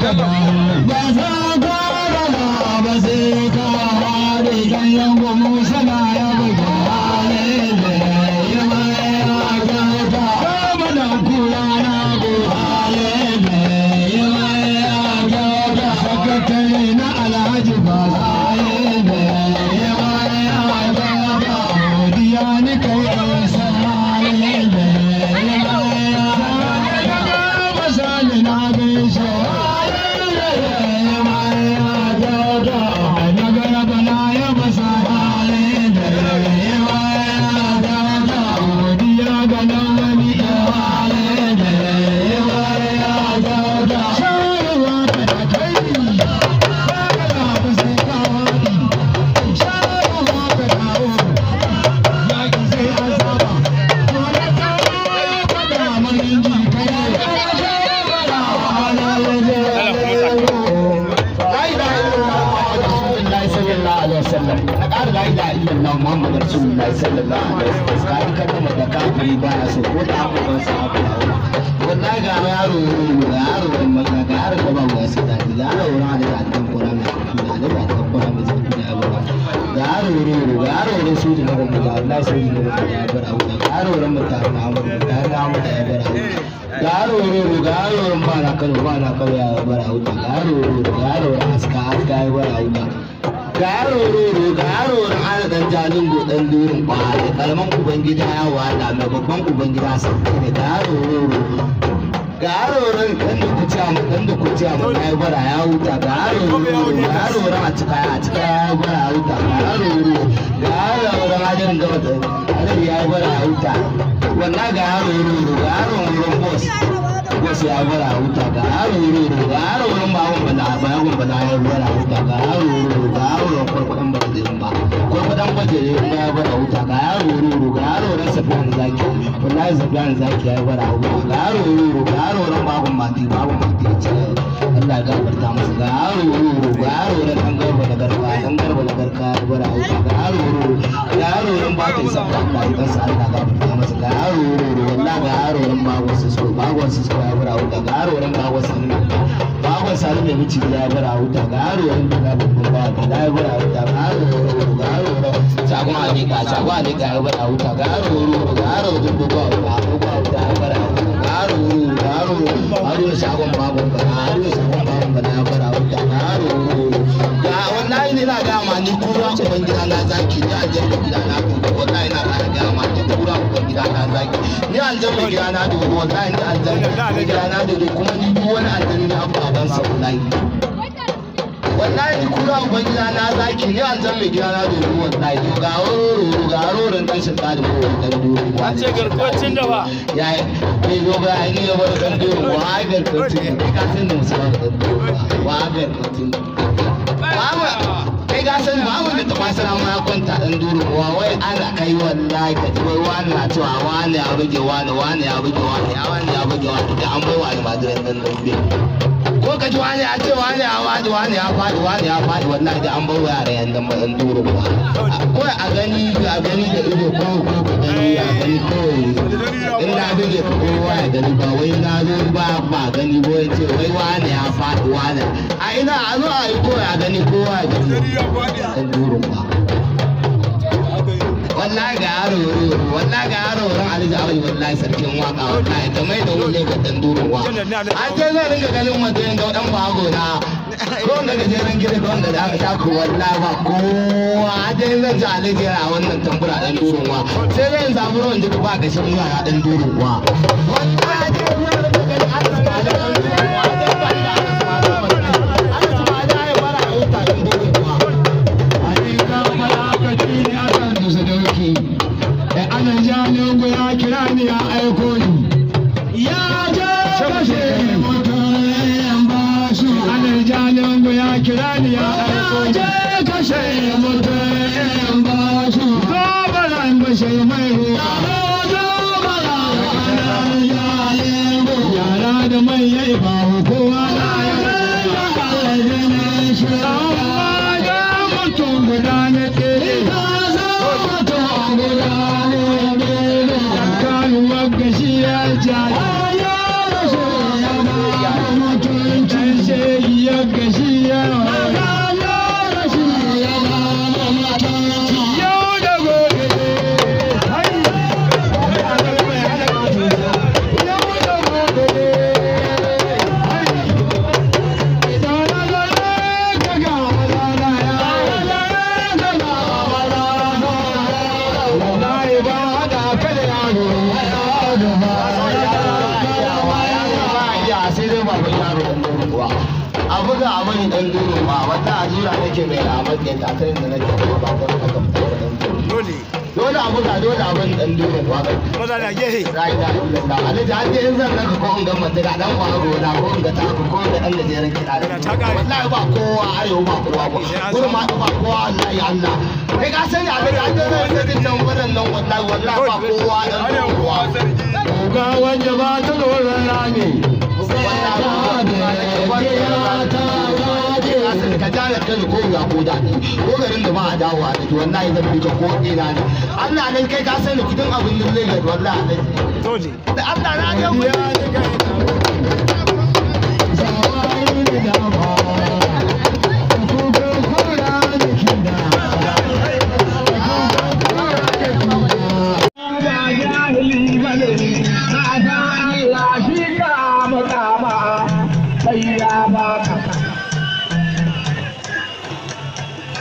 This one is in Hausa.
Come on. wasallam a ƙara la ilaha na muhammadu rasulullah sallallahu alaihi wasallam ka in kalma da kafiri ba na so ko da abu ban sa abu hawa wallahi ga yaro ga yaro da maza ga yaro da ban wasu da ga yaro na da dan kora mai kuma da da dan kora mai zaki da abu ga yaro ro ga yaro ne su da ga wallahi su da ga bar abu ga yaro ran mutane abu ga yaro ya bar abu garo roro garo ran ba na kano ba na kano ya wuta garo yaro garo haska haska ya bara wuta garo roro garo na adadin dan jalin godan durin kwari kalman ubangida ya wada mai babban ubangida sai ne garo roro garo ran kan da kuce mu kan da kuce mu kai bara ya huta garo roro garo ran a cika a cika ya bara ya huta garo roro garo ran ajin gaba da alai ya bara ya huta wannan garo roro garo ran boss wasu ya bara ya huta garo roro garo ran bawon bala bawon bala ya bara ya huta garo roro da ya ya gwada wuta ga yaro roro ga yaro ran safiyan zaki wallahi safiyan zaki ya wuta ga yaro roro ga yaro ran babun mati babun mati ya ce Allah ya gafarta masa ga yaro ga yaro ran garba da garba garba da garka ya wuta ga yaro roro ga yaro ran bakin sa Allah ya kansa Allah ya gafarta masa ga yaro wallahi ga yaro ran babun so babun so ya wuta ga yaro ran babun sa babun sa ne miciji ya gwada wuta ga yaro ran babun ba da ya wuta sagon alika sagon alika ya bada huta garo ruru garo dubu ba ba ba da bara garo ruru garo aro sagon babu ba aro sagon babu ba da bara huta garo ruru ga wallahi ne na ga ma ni kura uban gida na zaki ni ko gida na dubu wallahi na ga ga ma ni kura uban gida na zaki ni ko gida na dubu wallahi ni aljan gida na dubu kuma ni duk wani ni abu aban sa wallahi wallahi kura ubangida na zaki ne an san mai gida na domin wallahi to ga roro ga roron dan shin tsarin ko wani dan domin a ce garkwacin da ba ya yi ne go ga ai ne ba dan domin wa garkwacin ka san da musulman dan domin wa garkwacin Kai ga san ba mu da taba sana ma kwanta dan duru wa wai ana kai wallahi ka ji wai wani na cewa wani ya buge wani wani ya buge wani ya wani ya buge wani da an bai wa almajiran dan dan ko ka ji wani a ce wani ya wani wani ya faɗi wani ya faɗi wannan da an bar yara yan dan mazan duro ko a gani a gani da ido ko ko ka gani a gani ko in na bige ko kowa ya gani ba wai na zo ba ba gani ko ya ce wai wani ya faɗi wani a ina a zo a yi ko a gani kowa ya gani dan duro ba wallahi ga yaro wallahi ga yaro ran alhaji alhaji wallahi sarkin waka wallahi ta mai da wule ga dandurin wa an ce zai ringa ganin mutum ga dan bago na don daga jeren gida don da aka sha wallahi ba ko an zan ci alhaji a wannan tambura dan durin wa sai zai samu ruwan jiki ba ga shi ruwa dan durin wa wallahi ringa ganin da a mani dan duro ba wata nake mai ramar ne ta da nake ba ba ta dole dole abu dole abin dan duro ba ba da rai da Allah zan naka ko ga mata ga dan kwaro da ko ga ta ko wallahi ba kowa ayo ba kowa ba ma ba kowa Allah kai ka sani a nan wannan nan wallahi wallahi ba kowa dan kowa ga wanda ba ta da wannan ya ta ko ya ko daɗi ko garin da ba a dawowa da ji wallahi zan fito ko ina ne Allah nan kai ka sani kudin abin da zai ga wallahi to ji da Allah na ga mu ya